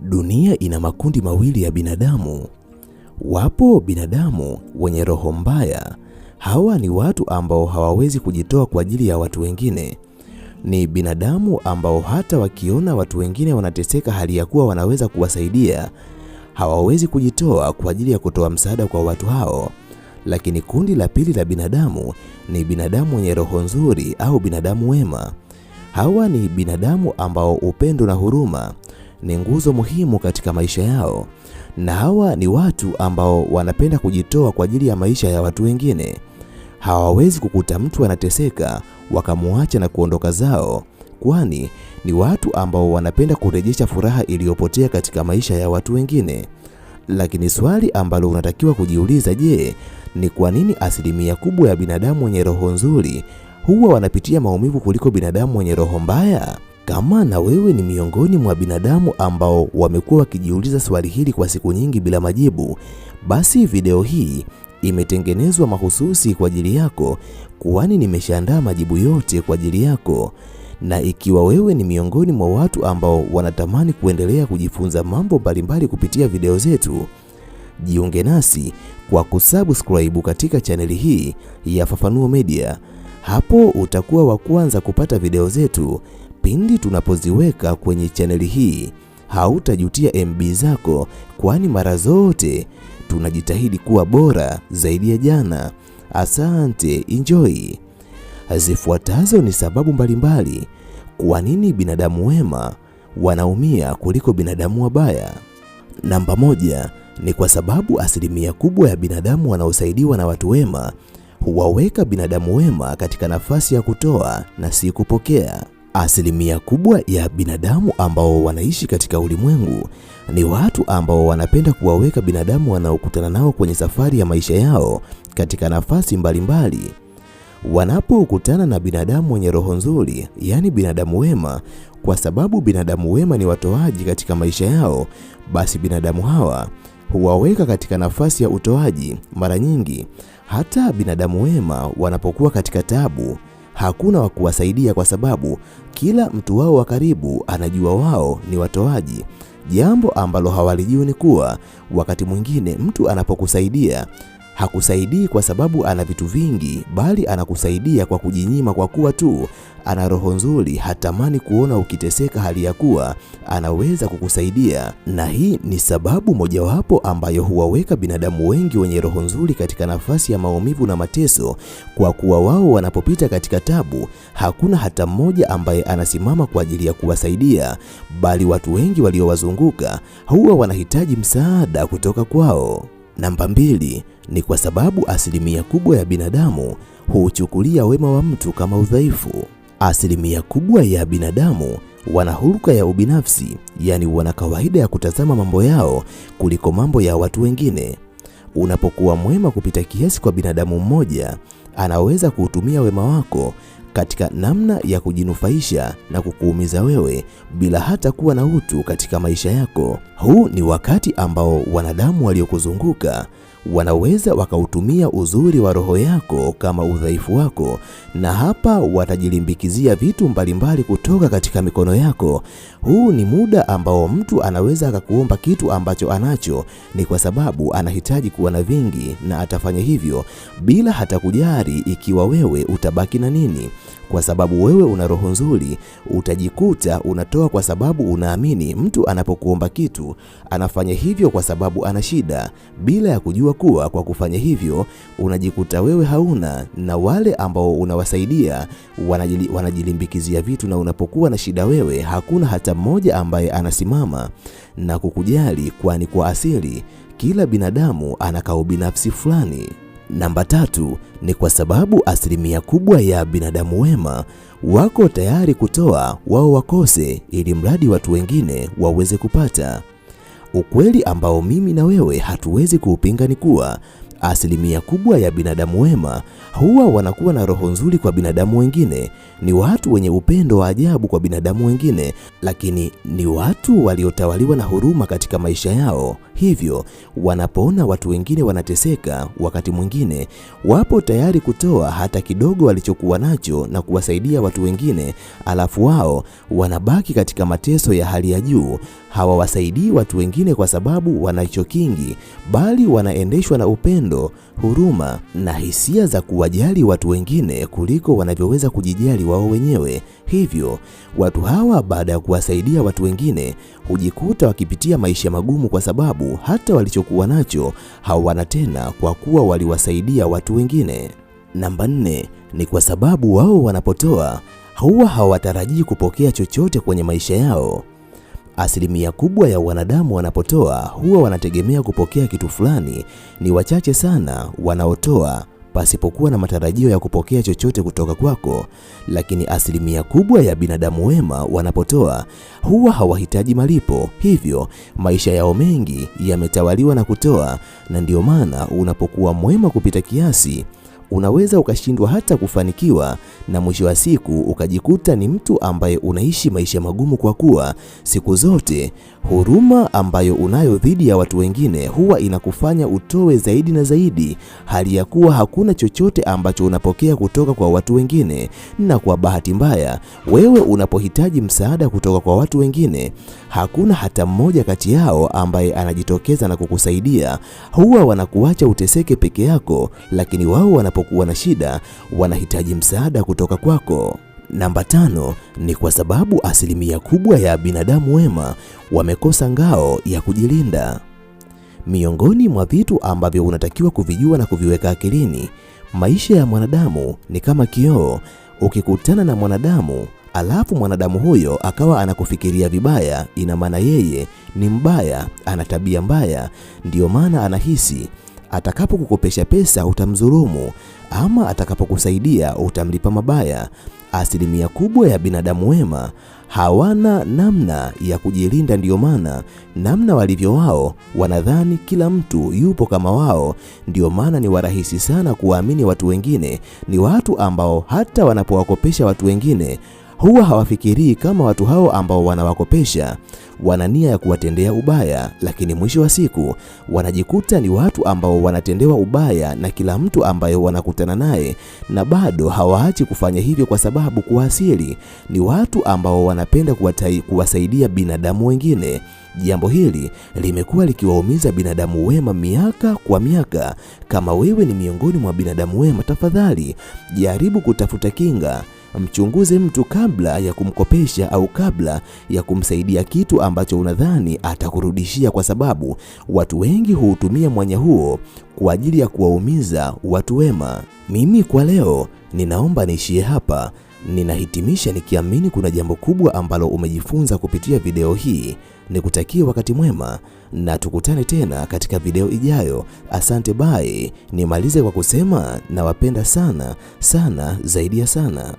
dunia ina makundi mawili ya binadamu. Wapo binadamu wenye roho mbaya. Hawa ni watu ambao hawawezi kujitoa kwa ajili ya watu wengine. Ni binadamu ambao hata wakiona watu wengine wanateseka, hali ya kuwa wanaweza kuwasaidia, hawawezi kujitoa kwa ajili ya kutoa msaada kwa watu hao. Lakini kundi la pili la binadamu ni binadamu wenye roho nzuri au binadamu wema. Hawa ni binadamu ambao upendo na huruma ni nguzo muhimu katika maisha yao, na hawa ni watu ambao wanapenda kujitoa kwa ajili ya maisha ya watu wengine. Hawawezi kukuta mtu anateseka wakamwacha na kuondoka zao, kwani ni watu ambao wanapenda kurejesha furaha iliyopotea katika maisha ya watu wengine. Lakini swali ambalo unatakiwa kujiuliza, je, ni kwa nini asilimia kubwa ya binadamu wenye roho nzuri huwa wanapitia maumivu kuliko binadamu wenye roho mbaya? Kama na wewe ni miongoni mwa binadamu ambao wamekuwa wakijiuliza swali hili kwa siku nyingi bila majibu, basi video hii imetengenezwa mahususi kwa ajili yako, kwani nimeshaandaa majibu yote kwa ajili yako. Na ikiwa wewe ni miongoni mwa watu ambao wanatamani kuendelea kujifunza mambo mbalimbali kupitia video zetu, jiunge nasi kwa kusubscribe katika chaneli hii ya Fafanuo Media. Hapo utakuwa wa kwanza kupata video zetu pindi tunapoziweka kwenye chaneli hii. Hautajutia MB zako, kwani mara zote tunajitahidi kuwa bora zaidi ya jana. Asante, enjoy. Zifuatazo ni sababu mbalimbali kwa nini binadamu wema wanaumia kuliko binadamu wabaya. Namba moja ni kwa sababu asilimia kubwa ya binadamu wanaosaidiwa na watu wema huwaweka binadamu wema katika nafasi ya kutoa na si kupokea. Asilimia kubwa ya binadamu ambao wanaishi katika ulimwengu ni watu ambao wanapenda kuwaweka binadamu wanaokutana nao kwenye safari ya maisha yao katika nafasi mbalimbali. Wanapokutana na binadamu wenye roho nzuri, yaani binadamu wema, kwa sababu binadamu wema ni watoaji katika maisha yao, basi binadamu hawa huwaweka katika nafasi ya utoaji. Mara nyingi hata binadamu wema wanapokuwa katika tabu hakuna wa kuwasaidia kwa sababu kila mtu wao wa karibu anajua wao ni watoaji. Jambo ambalo hawalijui ni kuwa wakati mwingine mtu anapokusaidia hakusaidii kwa sababu ana vitu vingi, bali anakusaidia kwa kujinyima, kwa kuwa tu ana roho nzuri, hatamani kuona ukiteseka, hali ya kuwa anaweza kukusaidia. Na hii ni sababu mojawapo ambayo huwaweka binadamu wengi wenye roho nzuri katika nafasi ya maumivu na mateso, kwa kuwa wao wanapopita katika tabu, hakuna hata mmoja ambaye anasimama kwa ajili ya kuwasaidia, bali watu wengi waliowazunguka huwa wanahitaji msaada kutoka kwao. Namba mbili, ni kwa sababu asilimia kubwa ya binadamu huuchukulia wema wa mtu kama udhaifu. Asilimia kubwa ya binadamu wana huruka ya ubinafsi, yaani wana kawaida ya kutazama mambo yao kuliko mambo ya watu wengine. Unapokuwa mwema kupita kiasi kwa binadamu mmoja, anaweza kuutumia wema wako katika namna ya kujinufaisha na kukuumiza wewe bila hata kuwa na utu katika maisha yako. Huu ni wakati ambao wanadamu waliokuzunguka wanaweza wakautumia uzuri wa roho yako kama udhaifu wako, na hapa watajilimbikizia vitu mbalimbali kutoka katika mikono yako. Huu ni muda ambao mtu anaweza akakuomba kitu ambacho anacho, ni kwa sababu anahitaji kuwa na vingi, na atafanya hivyo bila hata kujali ikiwa wewe utabaki na nini, kwa sababu wewe una roho nzuri. Utajikuta unatoa kwa sababu unaamini mtu anapokuomba kitu anafanya hivyo kwa sababu ana shida, bila ya kujua kuwa kwa kufanya hivyo unajikuta wewe hauna na wale ambao unawasaidia wanajili, wanajilimbikizia vitu, na unapokuwa na shida wewe hakuna hata mmoja ambaye anasimama na kukujali, kwani kwa asili kila binadamu anakaa ubinafsi fulani. Namba tatu ni kwa sababu asilimia kubwa ya binadamu wema wako tayari kutoa wao wakose, ili mradi watu wengine waweze kupata. Ukweli ambao mimi na wewe hatuwezi kuupinga ni kuwa Asilimia kubwa ya binadamu wema huwa wanakuwa na roho nzuri kwa binadamu wengine, ni watu wenye upendo wa ajabu kwa binadamu wengine, lakini ni watu waliotawaliwa na huruma katika maisha yao. Hivyo wanapoona watu wengine wanateseka, wakati mwingine wapo tayari kutoa hata kidogo walichokuwa nacho na kuwasaidia watu wengine, alafu wao wanabaki katika mateso ya hali ya juu. Hawawasaidii watu wengine kwa sababu wanacho kingi, bali wanaendeshwa na upendo upendo, huruma na hisia za kuwajali watu wengine kuliko wanavyoweza kujijali wao wenyewe. Hivyo watu hawa baada ya kuwasaidia watu wengine hujikuta wakipitia maisha magumu, kwa sababu hata walichokuwa nacho hawana tena, kwa kuwa waliwasaidia watu wengine. Namba nne ni kwa sababu wao wanapotoa huwa hawatarajii kupokea chochote kwenye maisha yao. Asilimia kubwa ya wanadamu wanapotoa huwa wanategemea kupokea kitu fulani. Ni wachache sana wanaotoa pasipokuwa na matarajio ya kupokea chochote kutoka kwako. Lakini asilimia kubwa ya binadamu wema wanapotoa huwa hawahitaji malipo, hivyo maisha yao mengi yametawaliwa na kutoa, na ndio maana unapokuwa mwema kupita kiasi unaweza ukashindwa hata kufanikiwa na mwisho wa siku ukajikuta ni mtu ambaye unaishi maisha magumu, kwa kuwa siku zote huruma ambayo unayo dhidi ya watu wengine huwa inakufanya utoe zaidi na zaidi, hali ya kuwa hakuna chochote ambacho unapokea kutoka kwa watu wengine. Na kwa bahati mbaya, wewe unapohitaji msaada kutoka kwa watu wengine, hakuna hata mmoja kati yao ambaye anajitokeza na kukusaidia. Huwa wanakuacha uteseke peke yako, lakini wao wana wanapokuwa na shida wanahitaji msaada kutoka kwako. Namba tano ni kwa sababu asilimia kubwa ya binadamu wema wamekosa ngao ya kujilinda. Miongoni mwa vitu ambavyo unatakiwa kuvijua na kuviweka akilini, maisha ya mwanadamu ni kama kioo. Ukikutana na mwanadamu alafu mwanadamu huyo akawa anakufikiria vibaya, ina maana yeye ni mbaya, ana tabia mbaya, ndiyo maana anahisi atakapokukopesha pesa utamdhulumu, ama atakapokusaidia utamlipa mabaya. Asilimia kubwa ya binadamu wema hawana namna ya kujilinda. Ndiyo maana namna walivyo wao, wanadhani kila mtu yupo kama wao. Ndiyo maana ni warahisi sana kuwaamini watu wengine. Ni watu ambao hata wanapowakopesha watu wengine huwa hawafikirii kama watu hao ambao wanawakopesha wana nia ya kuwatendea ubaya, lakini mwisho wa siku wanajikuta ni watu ambao wanatendewa ubaya na kila mtu ambaye wanakutana naye, na bado hawaachi kufanya hivyo, kwa sababu kwa asili ni watu ambao wanapenda kuwatai, kuwasaidia binadamu wengine. Jambo hili limekuwa likiwaumiza binadamu wema miaka kwa miaka. Kama wewe ni miongoni mwa binadamu wema, tafadhali jaribu kutafuta kinga Mchunguze mtu kabla ya kumkopesha au kabla ya kumsaidia kitu ambacho unadhani atakurudishia, kwa sababu watu wengi huutumia mwanya huo kwa ajili ya kuwaumiza watu wema. Mimi kwa leo ninaomba niishie hapa. Ninahitimisha nikiamini kuna jambo kubwa ambalo umejifunza kupitia video hii. Nikutakie wakati mwema na tukutane tena katika video ijayo. Asante bye. Nimalize kwa kusema nawapenda sana sana zaidi ya sana.